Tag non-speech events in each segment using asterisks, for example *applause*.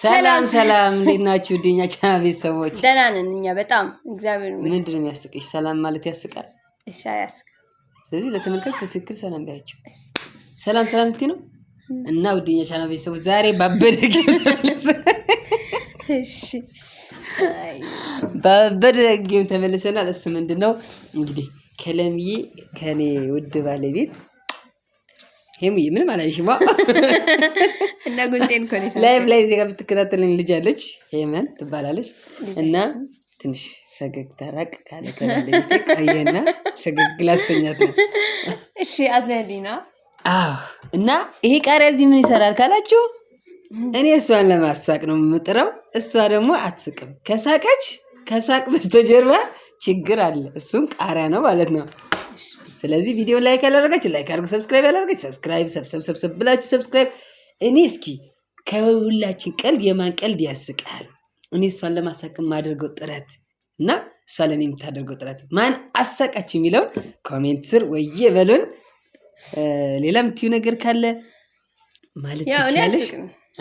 ሰላም ሰላም፣ እንዴት ናችሁ? ዲኛ ቻና ቤተሰቦች ደህና ነን እኛ በጣም እግዚአብሔር ይመስገን። ምንድን ነው የሚያስቅሽ? ሰላም ማለት ያስቃል። እሺ አያስቅም። ስለዚህ ለተመልካች በትክክል ሰላም ባያቸው። ሰላም ሰላም ልትይ ነው እና ውደኛ ቻና ቤተሰቦች ዛሬ ባበደ እሺ ባበደ ጌም ተመልሰናል። እሱ ምንድን ነው እንግዲህ ከለምዬ ከኔ ውድ ባለቤት ሄሙዬ ምንም አላየሽማ *laughs* እና ጉንጤን እኮ ላይቭ ላይ ዜጋ ብትከታተልን ልጅ አለች፣ ሄመን ትባላለች። እና ትንሽ ፈገግ ተራቅ ካለ ከባለቤቴ ቆየና ፈገግ ላሰኛት ነው። እሺ አዝናሊ ነው። አዎ። እና ይሄ ቃሪያ እዚህ ምን ይሰራል ካላችሁ እኔ እሷን ለማሳቅ ነው የምጥረው። እሷ ደግሞ አትስቅም። ከሳቀች ከሳቅ በስተጀርባ ችግር አለ። እሱም ቃሪያ ነው ማለት ነው። ስለዚህ ቪዲዮ ላይክ ያላደረጋችሁ ላይክ አድርጉ፣ ሰብስክራይብ ያላደረጋችሁ ሰብስክራይብ፣ ሰብሰብ ሰብሰብ ብላችሁ ሰብስክራይብ። እኔ እስኪ ከሁላችን ቀልድ የማን ቀልድ ያስቃል? እኔ እሷን ለማሳቅም የማደርገው ጥረት እና እሷ ለእኔ የምታደርገው ጥረት ማን አሳቃች የሚለውን ኮሜንት ስር ወየ በሉን። ሌላ የምትዩ ነገር ካለ ማለት ትችላለሽ።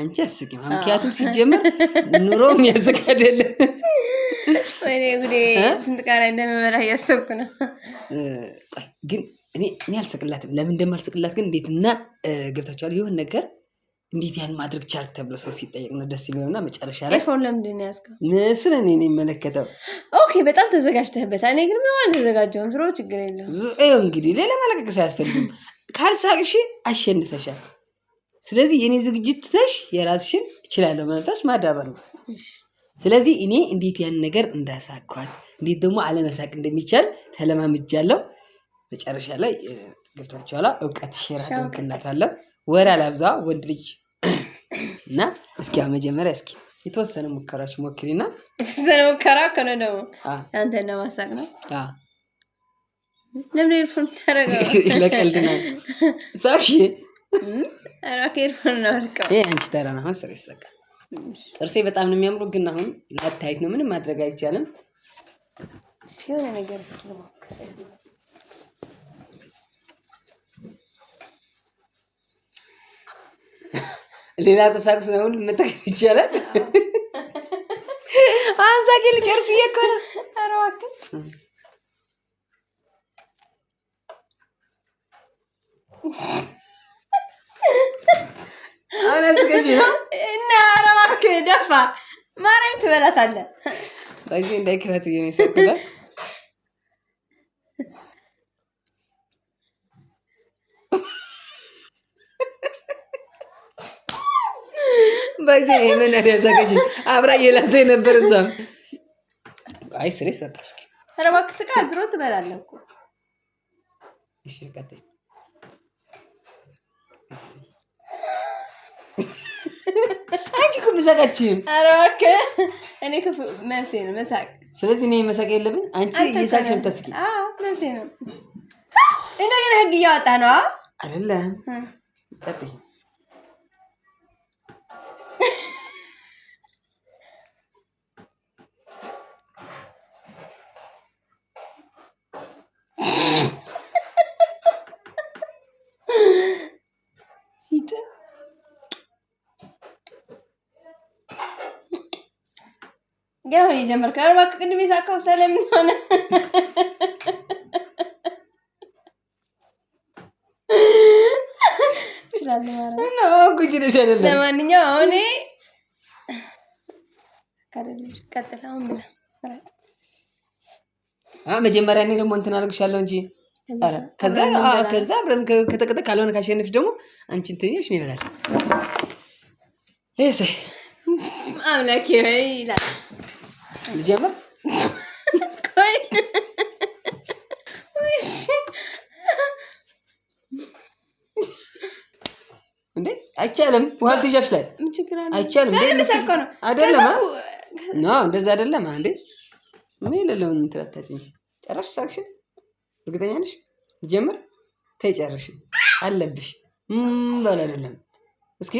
አንቺ አስቂ፣ ምክንያቱም ሲጀምር ኑሮ የሚያስቅ አይደለም። ወይኔ ጉዴ! ስንት ቃና እያሰብኩ ነው። ግን እኔ አልስቅላትም። ለምን እንደማልስቅላት ግን እንዴት እና ገብታችኋል? ነገር እንዴት ያን ማድረግ ቻልክ ተብሎ ሰው ሲጠየቅ ነው ደስ መጨረሻ ላይ ፎን ለምንድን ነው ያዝከው? እሱን እኔ ነው የሚመለከተው። ኦኬ፣ በጣም ተዘጋጅተህበታል። እኔ ግን ምንም አልተዘጋጀሁም። ችግር የለውም። እንግዲህ ሌላ አያስፈልግም። ካልሳቅሽ አሸንፈሻል። ስለዚህ የእኔ ዝግጅት ትተሽ የራስሽን እችላለሁ መንፈስ ማዳበር ነው። ስለዚህ እኔ እንዴት ያን ነገር እንዳሳኳት እንዴት ደግሞ አለመሳቅ እንደሚቻል ተለማምጃለሁ። መጨረሻ ላይ ገብታችኋላ እውቀት ሼር አደርግላታለሁ። ወር አላብዛ ወንድ ልጅ *clears throat* እና እስኪ መጀመሪያ እስኪ የተወሰነ ሙከራዎች ሞክሪና የተወሰነ ሙከራ ከሆነ ደግሞ አንተ ለማሳቅ ነው። ለምን ኤርፎን ታደርገው? *laughs* ለቀልድ ነው። ሳሺ ራክ ኤርፎን ነው። ይሄ አንቺ ተራ ነው። አሁን ስር ይሰቃል ጥርሴ በጣም ነው የሚያምሩ፣ ግን አሁን ለአታየት ነው። ምንም ማድረግ አይቻልም። ሲሆነ ነገር እስኪ ልሞክር። ሌላ ቁሳቁስ ነው ሁሉ መጠቀም ይቻላል። አምሳ ኪሎ ጨርስ ብዬ እኮ ነው። ኧረ እባክህ አነስገሽ ነው እና ኧረ እባክህ ደፋ ማርያም ትበላታለህ። በዚህ እንዳይክፈት እየኔ ሰብላል በዚህ ምን ያሳቀች አብራ እየላሰ የነበር እሷም አይ ስሬስ በቃ እባክህ ስቃ ድሮ ትበላለህ እኮ። እሺ ቀጥይ አንቺ እኮ መሳቃችን። ኧረ እባክህ እኔ ክፉ መብቴ ነው መሳቅ። ስለዚህ እኔ መሳቅ የለብኝ አንቺ የሳቅሽ የምታስቂ መብቴ ነው። እንደገና ህግ እያወጣ ነው አይደለም? ቀጥይ ገና ነው የጀመርከው። ኧረ እባክህ ቅድም የሳካው ስለምን ሆነ? ለማንኛውም እኔ መጀመሪያ እኔ ደግሞ እንትን እንጂ ከዛ ከዛ አብረን ከተቀጠ ካልሆነ ካሸንፍ ደግሞ አንቺ እንትንሽ ነው ይበላል። አምላኬ ይላል ልጀምር። እንዴ አይቻልም። ውሃ ልትሸፍሰል አይቻልም። አይደለም ኖ እንደዛ አይደለም። እንዴ ምን የሌለውን ትላታችን ጨረሽ? ሳቅሽን እርግጠኛ ነሽ? ጀምር ተጨረሽ አለብሽ ምን በል አይደለም እስኪ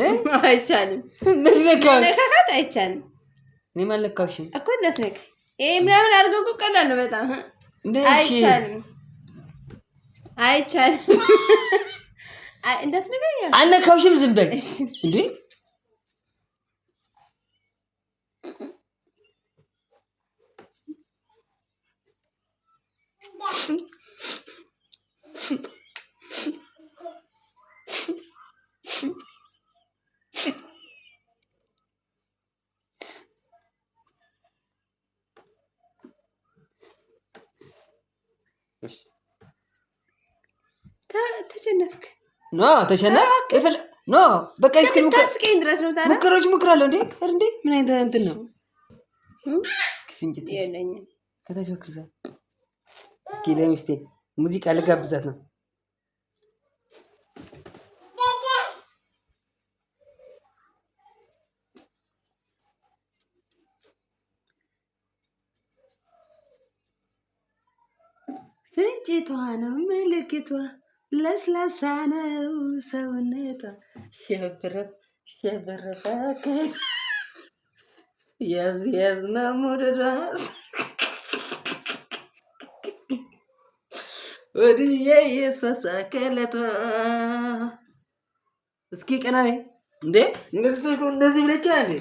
*laughs* አይቻልም። መነካካት አይቻልም። እኔ አልነካሽም እኮ እንዳትነቂ። ይሄ ምናምን አድርገው እኮ ቀላል ነው በጣም አይቻልም። አይቻልም። እንዳትነካኝ አልነካሽም። ዝም በይ እንዴ! ኖ ተሸነፍ ኖ በቃ ድረስ ነው። ታዲያ እንዴ እንዴ ምን አይነት እንትን ነው? እስኪ ፍንጭት ከታች እስኪ ለሚስቴ ሙዚቃ ልጋብዛት ነው። ፍንጭቷ ነው ምልክቷ ለስላሳ ነው ሰውነቷ ሸብረፈ የዝ የዝ ነው ሙድዷ ወድዬ የሳሳከለቷ እስኪ ቀና እንዴ እንደዚህ እንደዚህ ብለቻ እንዴ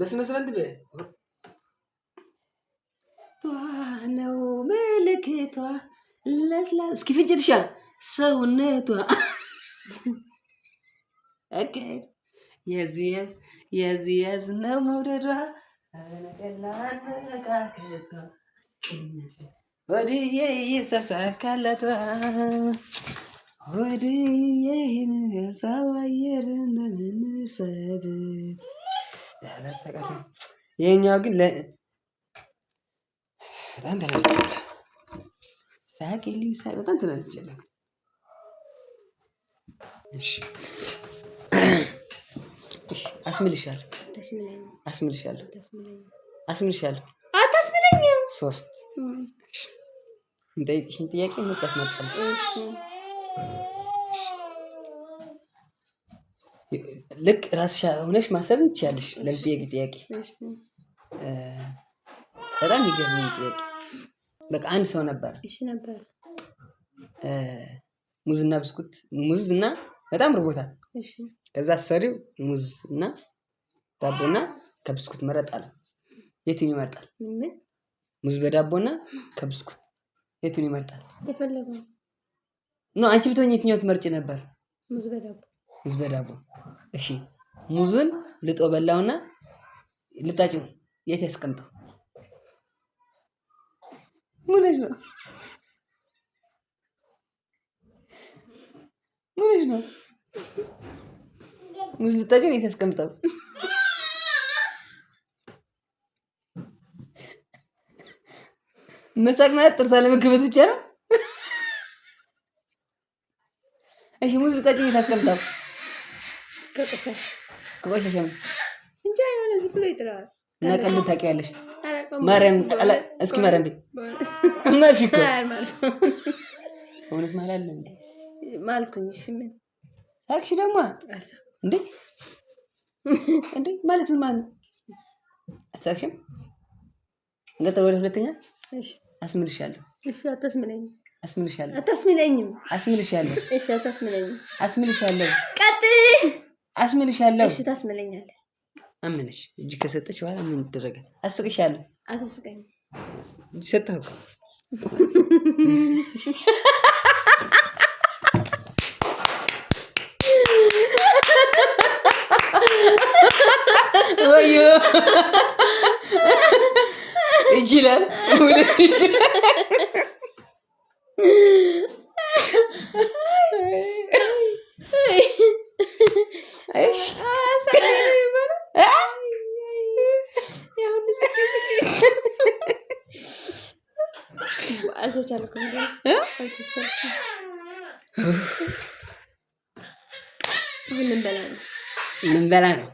በስነ ስርዓት በይ ቷ ነው ምልክቷ ለስላሳ እስኪፈጀትሻል ሰውነቷ የዚየስ የዚየስ ነው መውደዷ ነቀላነቃከቷ ወድዬ ወድዬ አየር እንደምንሰብ ያለሰቀት ግን በጣም ሳቅ የልኝ ሳቅ በጣም ተናድጃለሁ። እሺ አስምልሻለሁ አስምልሻለሁ አታስምለኝም። ሶስት እንጠይቅሽን ጥያቄ መስጠት መርጫለሁ። ልክ ራስሽ ሆነሽ ማሰብ ትችያለሽ። ለምትጠይቂ ጥያቄ በጣም ይገርመኝ ጥያቄ በቃ አንድ ሰው ነበር። እሺ ነበር ብስኩት ሙዝ እና በጣም ርቦታል። ከዛ ሰሪው ሙዝ እና ዳቦና ከብስኩት መረጥ አለ። የቱን ይመርጣል? ሙዝ በዳቦና ከብስኩት የቱን ይመርጣል? የፈለገው ኖ አንቺ ብትሆኝ የትኛው ትመርጭ ነበር? ሙዝ በዳቦ ሙዝ በዳቦ። እሺ ሙዙን ልጦ በላውና ልጣጩ የት ያስቀምጠው? ምንሽ ነው? ምንሽ ነው? ሙዝ ልታጭ ነው የተስቀምጠው መሳቅ ማለት ጥርሳ ለመገበት ብቻ ነው። እሺ ሙዝ ልታጭ ነው የታስቀምጠው ከቆሻሻ ነው እንጂ አይሆነ ዝም ብሎ ይጥለዋል። ነቀል ታውቂያለሽ እስኪ ማርያም ቤት እኮ እውነት ማላለ ማልኩኝ። እሺ ምን አልክሽ ደግሞ? እንዴ እንዴ ማለት ምን ማለት ነው? አትሳቅሽም? እንቀጥል ወደ ሁለተኛ። አስምልሻለሁ። እሺ አታስምለኝ። አስምልሻለሁ። አታስምለኝም። አስምልሻለሁ። እሺ አታስምለኝም። አስምልሻለሁ። ቀጥል። አስምልሻለሁ። እሺ ታስምለኛለህ አመነች። እጅ ከሰጠች በኋላ ምን ይደረጋል? አስቅሻለሁ። አታስቀኝ። እጅ ሰጠህ እኮ ወዮ ይችላል ይችላል ምንበላ ነው።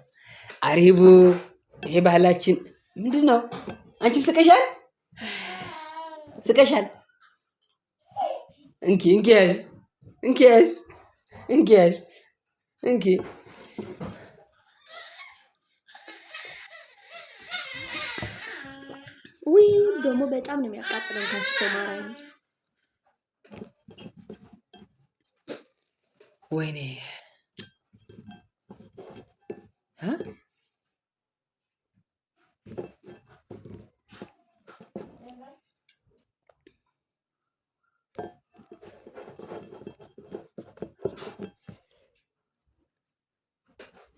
አሪቡ ይሄ ባህላችን ምንድን ነው? አንቺም ስቀሻል ስቀሻል። እንኪ እንኪ ያዥ እንኪ ያዥ እንኪ ያዥ እንኪ ውይ ደግሞ በጣም ነው የሚያቃጥለው። ካስቶ ማራኝ ወይኔ Ha?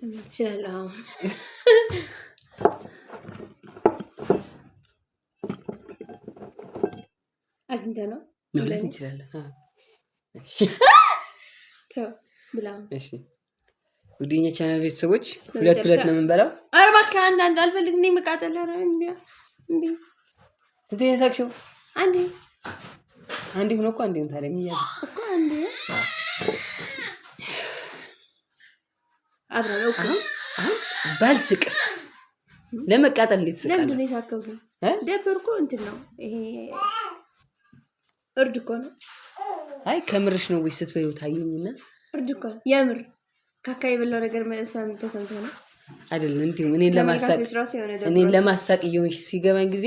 Evet, Şirellam. አግኝተህ ነው? ነው ለእኔ ይችላል። ተው ብላ እሺ ውድኛ ቻናል ቤተሰቦች ሁለት ሁለት ነው የምንበላው። ኧረ እባክህ አንድ አንድ አልፈልግም። እኔ መቃጠል ኧረ እምቢ ሳቅሽው። አንዴ አንዴ ሆኖ እኮ አንዴ ነው ታዲያ የሚያዝ እኮ አንዴ አብረን እኮ ባልስቅስ ለመቃጠል እንዴት ስቃለሁ? ለምንድን ነው የሳቀብኝ? ደብር እኮ እንትን ነው ይሄ እርድ እኮ ነው። አይ ከምርሽ ነው ወይ ስትበይው ታየኝና እርድ እኮ ነው የምር ካካ የበላው ነገር ተሰምቶ ነው አይደለም? እንዲሁም እኔን ለማሳቅ እየሆንሽ ሲገባኝ ጊዜ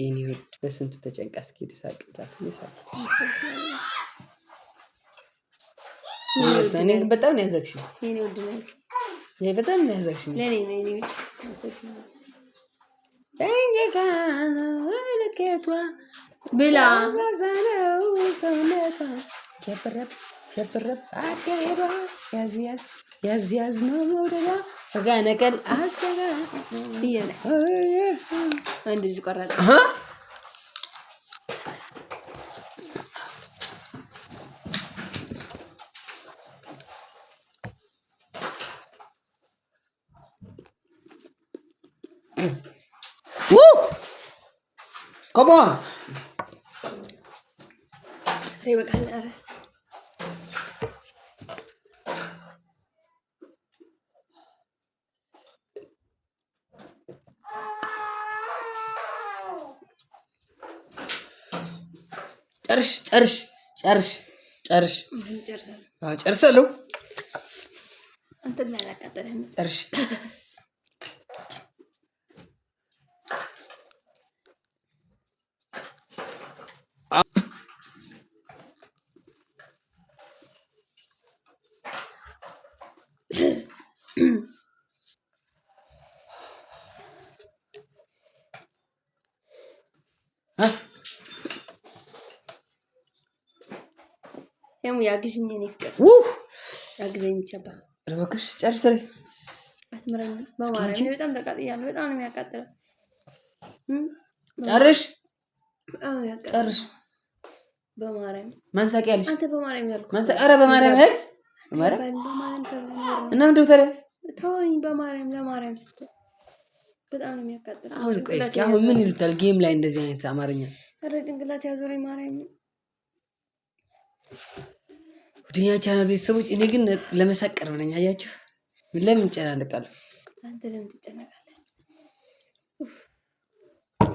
ይህን ይወድ በስንቱ ተጨንቃ እስኪሄድ ሳቅላት ሳቅ በጣም ነው ያዘግሽኝ። በጣም ነው ያዘግሽኝ። መለከቷ ብላ ሰውነቷ ሸብረብ ሸብረብ አካሄዷ Yes, yes, yes, yes, no, no, no, no. Karena kan asal iya nih. Nanti suka rata. Come on. ጨርሽ ጨርሽ ጨርሽ ጨርሽ ጨርሽ አግዥኝ የእኔ ፍቅር አግዘኝ ይቻባል። እባክሽ ጨርሽ ትሬ አትምረኝ በማርያም በጣም ተቃጥያለሁ። በጣም ነው የሚያቃጥለው። ጨርሽ ጨርሽ በማርያም አንተ በማርያም ኧረ በማርያም እና ምንድን ነው ተወኝ በማርያም ለማርያም ስትል በጣም ነው የሚያቃጥለው። አሁን ቆይ እስኪ አሁን ምን ይሉታል ጌም ላይ እንደዚህ አይነት አማርኛ? ኧረ ጭንቅላት ያዞረኝ ማርያም ውድኛ ቻናል ቤተሰቦች፣ እኔ ግን ለመሳቀር ነኝ። አያችሁ፣ ለምን ጨናንቃለሁ? አንተ ለምን ትጨነቃለህ?